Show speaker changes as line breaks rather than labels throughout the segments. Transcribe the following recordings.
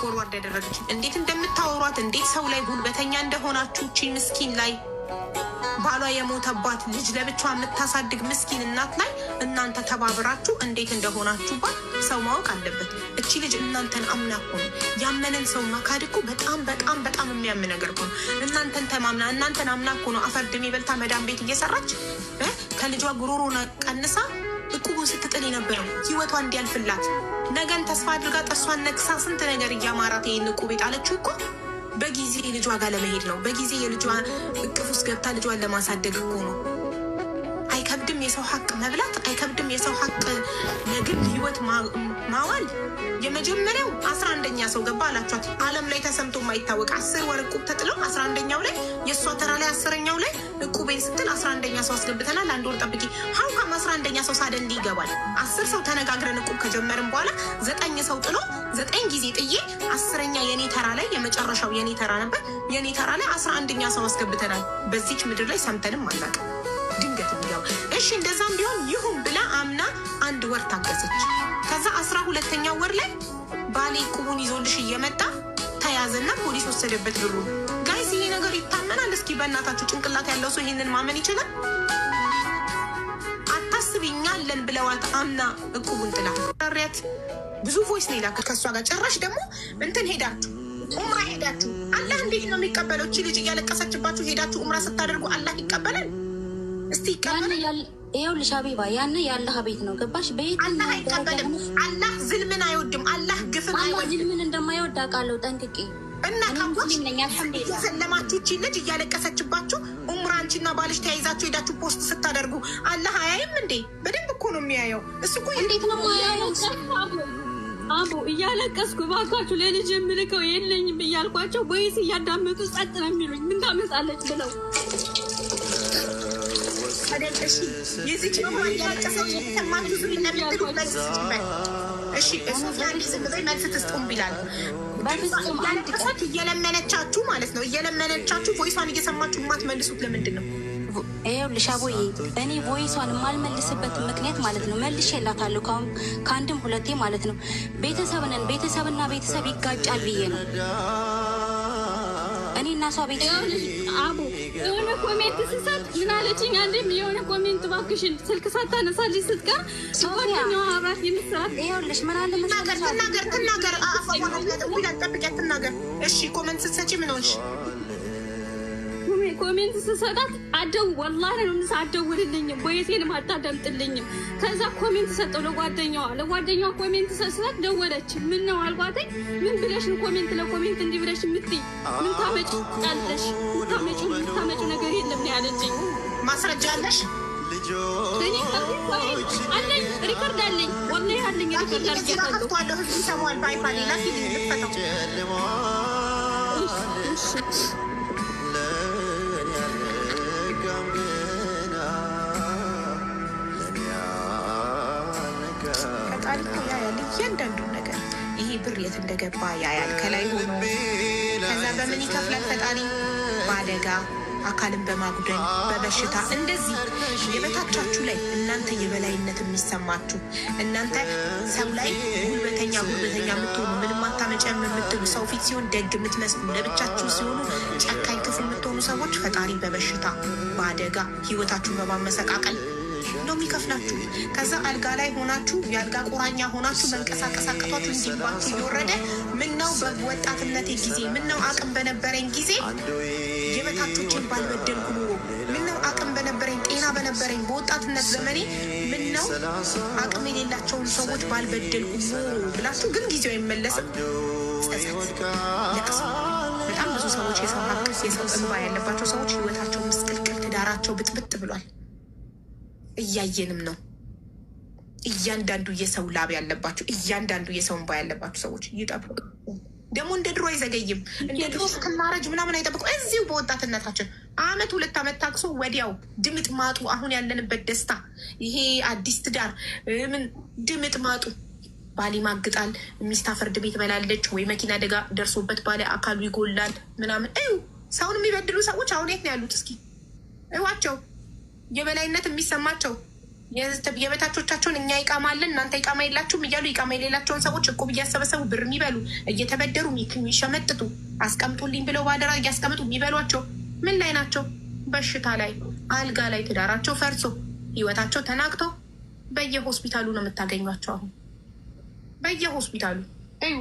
ፎርዋርድ ያደረገች እንዴት እንደምታወሯት እንዴት ሰው ላይ ጉልበተኛ እንደሆናችሁ እቺ ምስኪን ላይ ባሏ የሞተባት ልጅ ለብቻ የምታሳድግ ምስኪን እናት ላይ እናንተ ተባብራችሁ እንዴት እንደሆናችሁባት ሰው ማወቅ አለበት። እቺ ልጅ እናንተን አምና እኮ ነው። ያመነን ሰው ማካድ እኮ በጣም በጣም በጣም የሚያም ነገር እኮ ነው። እናንተን ተማምና እናንተን አምና እኮ ነው አፈር ድሜ በልታ መዳን ቤት እየሰራች ከልጇ ጉሮሮ ቀንሳ እቁቡን ስትጥል የነበረው ህይወቷ እንዲያልፍላት ነገን ተስፋ አድርጋ ጥርሷን ነክሳ ስንት ነገር እያማራት ይህን እቁብ ቤት አለችው እኮ በጊዜ ልጇ ጋር ለመሄድ ነው። በጊዜ የልጇ እቅፍ ውስጥ ገብታ ልጇን ለማሳደግ እኮ ነው። የሰው ሀቅ የግል ህይወት ማዋል የመጀመሪያው አስራ አንደኛ ሰው ገባ አላቸት አለም ላይ ተሰምቶ የማይታወቅ አስር ወር እቁብ ተጥለው አስራ አንደኛው ላይ የእሷ ተራ ላይ አስረኛው ላይ እቁቤን ስትል አስራ አንደኛ ሰው አስገብተናል። አንድ ወር ጠብቂ ሀውካም አስራ አንደኛ ሰው ሳደንድ ይገባል። አስር ሰው ተነጋግረን እቁብ ከጀመርን በኋላ ዘጠኝ ሰው ጥሎ ዘጠኝ ጊዜ ጥዬ አስረኛ የኔ ተራ ላይ የመጨረሻው የኔ ተራ ነበር። የኔ ተራ ላይ አስራ አንደኛ ሰው አስገብተናል። በዚች ምድር ላይ ሰምተንም አናውቅም። ሴትዮዋ እሺ እንደዛም ቢሆን ይሁን ብላ አምና አንድ ወር ታገዘች። ከዛ አስራ ሁለተኛ ወር ላይ ባሌ ቁቡን ይዞልሽ እየመጣ ተያዘና ፖሊስ ወሰደበት ብሩ። ጋይስ ይሄ ነገር ይታመናል? እስኪ በእናታችሁ ጭንቅላት ያለው ሰው ይህንን ማመን ይችላል? አታስቢኛ አለን ብለዋት አምና እቁቡን ጥላ ሪያት ብዙ ቮይስ ነው ይላከል ከእሷ ጋር ጭራሽ ደግሞ እንትን ሄዳችሁ ኡምራ ሄዳችሁ አላህ እንዴት ነው የሚቀበለው? እቺ ልጅ እያለቀሰችባችሁ ሄዳችሁ ኡምራ ስታደርጉ አላህ ይቀበላል?
እስቲ ይኸውልሽ ሀቢባ ያን የአላህ ቤት ነው ገባሽ? ቤት
አላህ አይቀበልም። አላህ ዝልምን አይወድም። አላህ
ግፍን አይወድም። ዝልምን እንደማይወድ አውቃለሁ ጠንቅቄ
እና የዘለማችሁች ልጅ እያለቀሰችባችሁ ኡምራንቺ እና ባልሽ ተያይዛችሁ ሄዳችሁ ፖስት ስታደርጉ አላህ አያይም እንዴ? በደንብ እኮ ነው የሚያየው።
እሱ እኮ እንዴት ነው የማያየው? አቦ እያለቀስኩ እባካችሁ ለልጅ የምልከው የለኝም እያልኳቸው ወይስ እያዳመጡ ጸጥ ነው የሚሉኝ? ምን ታመጣለች ብለው
አስታደቀሽ እየለመነቻችሁ ማለት ነው። እየለመነቻችሁ ቮይሷን እየሰማችሁ የማትመልሱት ለምንድን ነው?
ይኸው ልሻቦዬ እኔ ቮይሷን የማልመልስበት ምክንያት ማለት ነው መልሼ እላታለሁ ከአንድም ሁለቴ ማለት ነው ቤተሰብንን ቤተሰብና ቤተሰብ ይጋጫል ብዬ ነው እኔና እና እሷ ቤት አቡ የሆነ ኮሜንት ስሰጥ ምን አለችኝ? አንድም የሆነ ኮሜንት እባክሽን ስልክ ሳታነሳልኝ ስትቀር ጓደኛዋ አብራት የምትሰራት ይኸውልሽ፣ ምን አለ
መሰለሽ፣ ትናገር ትናገር፣ አፋ ሆነ ጠብቂያት፣ ትናገር። እሺ ኮሜንት ስትሰጪ ምን ሆንሽ?
ኮሜንት ስሰጣት አደው ወላሂ ነው ምንስ አደውልልኝም፣ ቦይቴንም አታደምጥልኝም ከዛ ኮሜንት ሰጠው ለጓደኛዋ ለጓደኛዋ ኮሜንት ሰስላት ደወለች። ምን ነው አልኳትኝ። ምን ብለሽን ኮሜንት ለኮሜንት እንዲህ ብለሽ የምትይ ምን ታመጭ ቃለሽ ምታመጭ ታመጭ ነገር የለም ነው ያለችኝ።
ማስረጃ አለሽ?
አለኝ፣ አለኝ፣ አለኝ፣ ሪከርድ አለኝ።
ብር የት እንደገባ ያያል ከላይ ሆኖ። ከዛ በምን ይከፍላል ፈጣሪ? በአደጋ አካልን በማጉደል በበሽታ እንደዚህ የበታቻችሁ ላይ እናንተ የበላይነት የሚሰማችሁ እናንተ ሰው ላይ ጉልበተኛ ጉልበተኛ የምትሆኑ ምንም አታመጨም የምትሉ ሰው ፊት ሲሆን ደግ የምትመስሉ ለብቻችሁ ሲሆኑ ጨካኝ ክፉ የምትሆኑ ሰዎች ፈጣሪ በበሽታ በአደጋ ህይወታችሁን በማመሰቃቀል ነው የሚከፍላችሁ። ከዛ አልጋ ላይ ሆናችሁ የአልጋ ቁራኛ ሆናችሁ መንቀሳቀስ አቅቷችሁ እንዲባችሁ እየወረደ ምነው በወጣትነቴ ጊዜ አቅም በነበረኝ ጊዜ የበታቾችን ኑሮ አቅም በነበረኝ ጤና በነበረኝ በወጣትነት ዘመኔ አቅም የሌላቸውን ሰዎች ባልበደልኩ ኑሮ ብላችሁ ግን ጊዜው አይመለስም። በጣም ብዙ ሰዎች የሰው ሀቅ የሰው እንባ ያለባቸው ሰዎች ህይወታቸው ምስቅልቅል፣ ትዳራቸው ብጥብጥ ብሏል። እያየንም ነው። እያንዳንዱ የሰው ላብ ያለባቸው እያንዳንዱ የሰው እንባ ያለባቸው ሰዎች ይጠብቁ። ደግሞ እንደ ድሮ አይዘገይም። እንደ ድሮ እስክናረጅ ምናምን አይጠብቁ። እዚሁ በወጣትነታችን አመት ሁለት አመት ታክሶ ወዲያው ድምጥ ማጡ። አሁን ያለንበት ደስታ ይሄ አዲስ ትዳር ምን ድምጥ ማጡ። ባል ይማግጣል፣ ሚስታ ፍርድ ቤት በላለች ወይ መኪና አደጋ ደርሶበት ባለ አካሉ ይጎላል ምናምን። ሰውን የሚበድሉ ሰዎች አሁን የት ነው ያሉት? እስኪ እዋቸው የበላይነት የሚሰማቸው የበታቾቻቸውን እኛ ይቃማለን እናንተ ይቃማ የላችሁም እያሉ ይቃማ የሌላቸውን ሰዎች እቁብ እያሰበሰቡ ብር የሚበሉ እየተበደሩ የሚሸመጥጡ አስቀምጡልኝ ብለው ባደራ እያስቀምጡ የሚበሏቸው ምን ላይ ናቸው? በሽታ ላይ አልጋ ላይ ትዳራቸው ፈርሶ ህይወታቸው ተናግቶ በየሆስፒታሉ ነው የምታገኟቸው። አሁን በየሆስፒታሉ እዩ።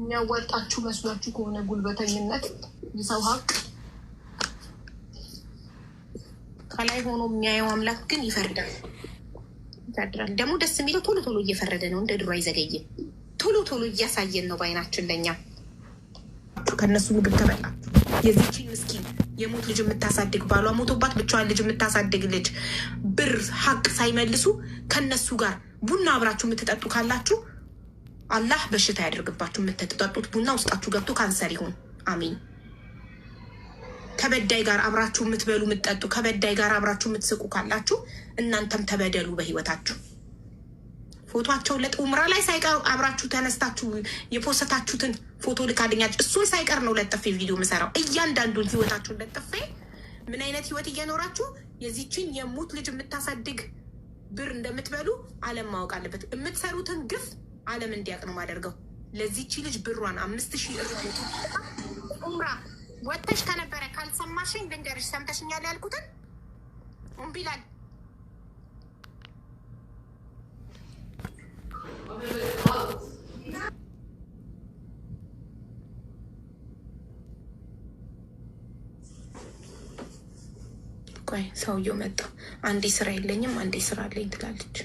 የሚያዋጣችሁ መስሏችሁ ከሆነ ጉልበተኝነት የሰው ሀቅ ከላይ ሆኖ የሚያየው አምላክ ግን ይፈርዳል ይፈርዳል። ደግሞ ደስ የሚለው ቶሎ ቶሎ እየፈረደ ነው፣ እንደ ድሮ አይዘገይም። ቶሎ ቶሎ እያሳየን ነው በአይናችን ለኛ ከእነሱ ምግብ ተበላችሁ። የዚችን ምስኪን የሞት ልጅ የምታሳድግ ባሏ ሞቶባት ብቻዋን ልጅ የምታሳድግ ልጅ ብር ሀቅ ሳይመልሱ ከነሱ ጋር ቡና አብራችሁ የምትጠጡ ካላችሁ አላህ በሽታ ያደርግባችሁ። የምትጠጡት ቡና ውስጣችሁ ገብቶ ካንሰር ይሁን። አሚን ከበዳይ ጋር አብራችሁ የምትበሉ የምትጠጡ፣ ከበዳይ ጋር አብራችሁ የምትስቁ ካላችሁ እናንተም ተበደሉ በህይወታችሁ። ፎቶቸውን ለጥሙራ ላይ ሳይቀር አብራችሁ ተነስታችሁ የፖሰታችሁትን ፎቶ ልካልኛችሁ እሱን ሳይቀር ነው ለጥፌ ቪዲዮ የምሰራው። እያንዳንዱን ህይወታችሁን ለጥፌ ምን አይነት ህይወት እየኖራችሁ የዚችን የሙት ልጅ የምታሳድግ ብር እንደምትበሉ አለም ማወቅ አለበት። የምትሰሩትን ግፍ አለም እንዲያቅ ነው ማደርገው። ለዚቺ ልጅ ብሯን አምስት ሺህ ኡምራ ወጥተሽ ከነበረ ካልሰማሽኝ ልንገርሽ። ሰምተሽኛል ያልኩትን እምቢላል ቆይ ሰውየው መጣ። አንዴ ስራ የለኝም አንዴ ስራ አለኝ ትላለች።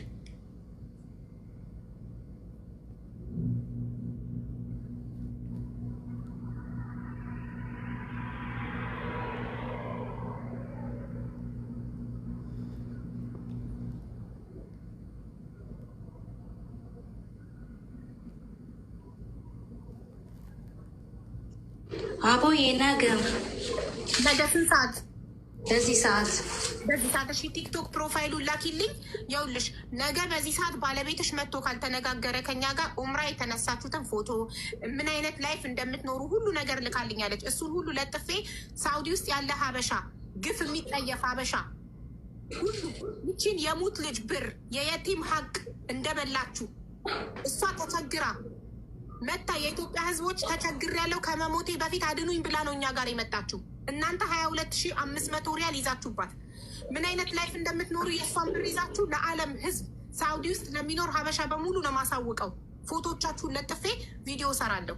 አቦ የነገር በደስን ሰዓት በዚህ ሰዓት በዚህ ሰዓት እሺ፣ ቲክቶክ ፕሮፋይሉን ላኪልኝ። የውልሽ ነገ በዚህ ሰዓት ባለቤትሽ መጥቶ ካልተነጋገረ ከኛ ጋር ኡምራ የተነሳችሁትን ፎቶ ምን አይነት ላይፍ እንደምትኖሩ ሁሉ ነገር ልካልኛለች። እሱን ሁሉ ለጥፌ ሳውዲ ውስጥ ያለ ሀበሻ ግፍ የሚጠየፍ ሀበሻ ሁሉ ይቺን የሙት ልጅ ብር የየቲም ሀቅ እንደበላችሁ እሷ ተቸግራ መታ የኢትዮጵያ ህዝቦች ተቸግር ያለው ከመሞቴ በፊት አድኑኝ ብላ ነው እኛ ጋር የመጣችው። እናንተ ሀያ ሁለት ሺ አምስት መቶ ሪያል ይዛችሁባት ምን አይነት ላይፍ እንደምትኖሩ የእሷን ብር ይዛችሁ ለዓለም ህዝብ ሳውዲ ውስጥ ለሚኖር ሀበሻ በሙሉ ነው ማሳውቀው። ፎቶቻችሁን ለጥፌ ቪዲዮ ሰራለሁ።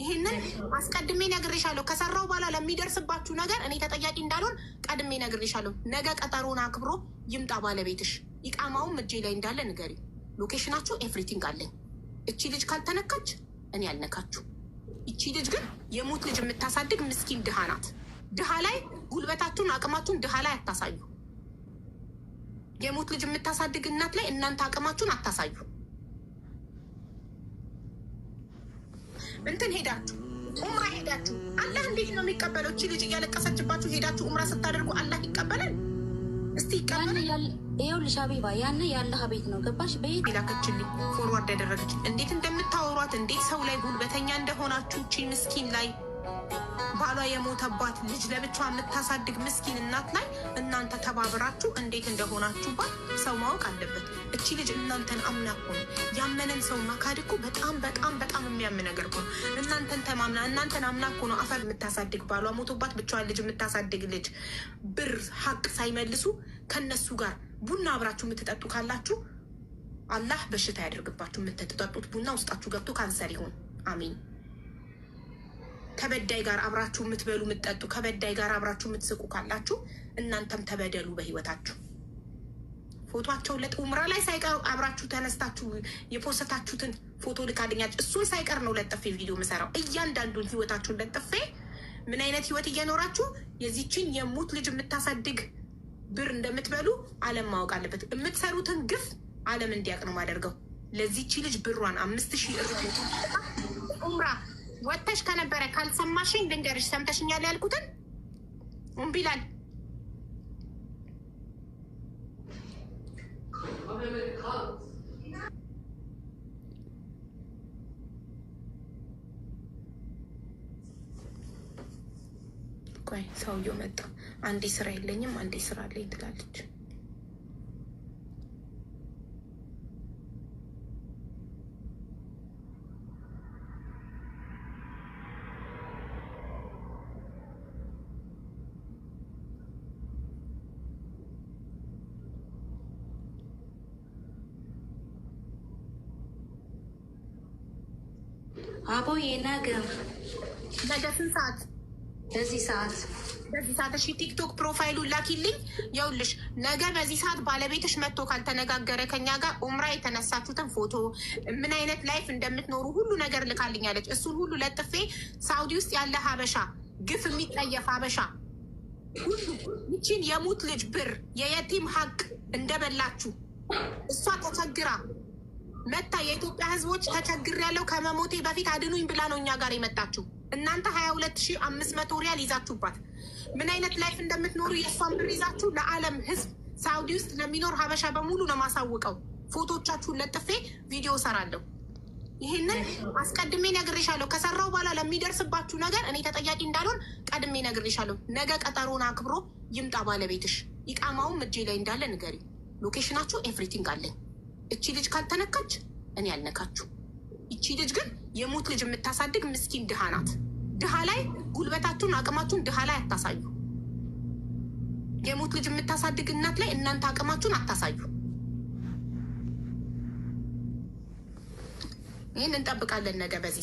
ይህንን አስቀድሜ ነግሬሻለሁ። ከሰራው በኋላ ለሚደርስባችሁ ነገር እኔ ተጠያቂ እንዳልሆን ቀድሜ ነግሬሻለሁ። ነገ ቀጠሮን አክብሮ ይምጣ ባለቤትሽ። ኢቃማውም እጄ ላይ እንዳለ ንገሪ። ሎኬሽናችሁ ኤቭሪቲንግ አለኝ። እቺ ልጅ ካልተነካች እኔ አልነካችሁ። እቺ ልጅ ግን የሙት ልጅ የምታሳድግ ምስኪን ድሃ ናት። ድሃ ላይ ጉልበታችሁን፣ አቅማችሁን ድሃ ላይ አታሳዩ። የሙት ልጅ የምታሳድግ እናት ላይ እናንተ አቅማችሁን አታሳዩ። እንትን ሄዳችሁ ኡምራ ሄዳችሁ አላህ እንዴት ነው የሚቀበለው? እቺ ልጅ እያለቀሰችባችሁ ሄዳችሁ ኡምራ ስታደርጉ አላህ ይቀበላል? እስቲ ይቀበላል
ይኸው ልሽ አቢባ ያነ ያለህ ቤት ነው ገባሽ። በየት
ላከችልኝ ፎርዋርድ ያደረገች እንዴት እንደምታወሯት እንዴት ሰው ላይ ጉልበተኛ እንደሆናችሁ እቺ ምስኪን ላይ ባሏ የሞተባት ልጅ ለብቻ የምታሳድግ ምስኪን እናት ላይ እናንተ ተባብራችሁ እንዴት እንደሆናችሁባት ሰው ማወቅ አለበት። እቺ ልጅ እናንተን አምና እኮ ነው ያመነን ሰው ማካድ እኮ በጣም በጣም በጣም የሚያም ነገር እኮ ነው። እናንተን ተማምና እናንተን አምና እኮ ነው አፈር የምታሳድግ ባሏ ሞቶባት ብቻዋን ልጅ የምታሳድግ ልጅ ብር ሀቅ ሳይመልሱ ከነሱ ጋር ቡና አብራችሁ የምትጠጡ ካላችሁ አላህ በሽታ ያደርግባችሁ። የምትጠጡት ቡና ውስጣችሁ ገብቶ ካንሰር ይሆን። አሚን። ከበዳይ ጋር አብራችሁ የምትበሉ የምትጠጡ፣ ከበዳይ ጋር አብራችሁ የምትስቁ ካላችሁ እናንተም ተበደሉ በህይወታችሁ። ፎቶቸው ለኡምራ ላይ ሳይቀር አብራችሁ ተነስታችሁ የፖሰታችሁትን ፎቶ ልካልኛች እሱን ሳይቀር ነው ለጥፌ ቪዲዮ ምሰራው። እያንዳንዱን ህይወታችሁን ለጥፌ ምን አይነት ህይወት እየኖራችሁ የዚችን የሙት ልጅ የምታሳድግ ብር እንደምትበሉ አለም ማወቅ አለበት። የምትሰሩትን ግፍ አለም እንዲያውቅ ነው ማደርገው። ለዚህቺ ልጅ ብሯን አምስት ሺህ እር ኡምራ ወጥተሽ ከነበረ ካልሰማሽኝ ልንገርሽ፣ ሰምተሽኛል ያልኩትን እምቢ ይላል አይ ሰውየው መጣ፣ አንዴ ስራ የለኝም አንዴ ስራ አለኝ ትላለች። አቦ የነገ ነገ ስንት ሰዓት በዚህ ሰዓት በዚህ ሰዓት እሺ፣ ቲክቶክ ፕሮፋይሉን ላኪልኝ። የውልሽ ነገ በዚህ ሰዓት ባለቤትሽ መጥቶ ካልተነጋገረ ከኛ ጋር ኡምራ የተነሳችሁትን ፎቶ፣ ምን አይነት ላይፍ እንደምትኖሩ ሁሉ ነገር ልካልኛለች። እሱን ሁሉ ለጥፌ ሳውዲ ውስጥ ያለ ሀበሻ ግፍ የሚጠየፍ ሀበሻ ሁሉ ይቺን የሙት ልጅ ብር የየቲም ሀቅ እንደበላችሁ እሷ ተቸግራ መታ የኢትዮጵያ ሕዝቦች ተቸግር ያለው ከመሞቴ በፊት አድኑኝ ብላ ነው እኛ ጋር የመጣችው። እናንተ ሀያ ሁለት ሺ አምስት መቶ ሪያል ይዛችሁባት ምን አይነት ላይፍ እንደምትኖሩ የእሷን ብር ይዛችሁ ለዓለም ህዝብ ሳውዲ ውስጥ ለሚኖር ሀበሻ በሙሉ ነው ማሳውቀው። ፎቶቻችሁን ለጥፌ ቪዲዮ ሰራለሁ። ይህንን አስቀድሜ ነግሬሻለሁ። ከሰራው በኋላ ለሚደርስባችሁ ነገር እኔ ተጠያቂ እንዳልሆን ቀድሜ ነግሬሻለሁ። ነገ ቀጠሮን አክብሮ ይምጣ ባለቤትሽ። ኢቃማውም እጄ ላይ እንዳለ ንገሪ። ሎኬሽናችሁ ኤቭሪቲንግ አለኝ። እቺ ልጅ ካልተነካች እኔ አልነካችሁ። ይቺ ልጅ ግን የሙት ልጅ የምታሳድግ ምስኪን ድሃ ናት። ድሃ ላይ ጉልበታችሁን አቅማችሁን ድሃ ላይ አታሳዩ። የሙት ልጅ የምታሳድግ እናት ላይ እናንተ አቅማችሁን አታሳዩ። ይህን እንጠብቃለን ነገ በዚህ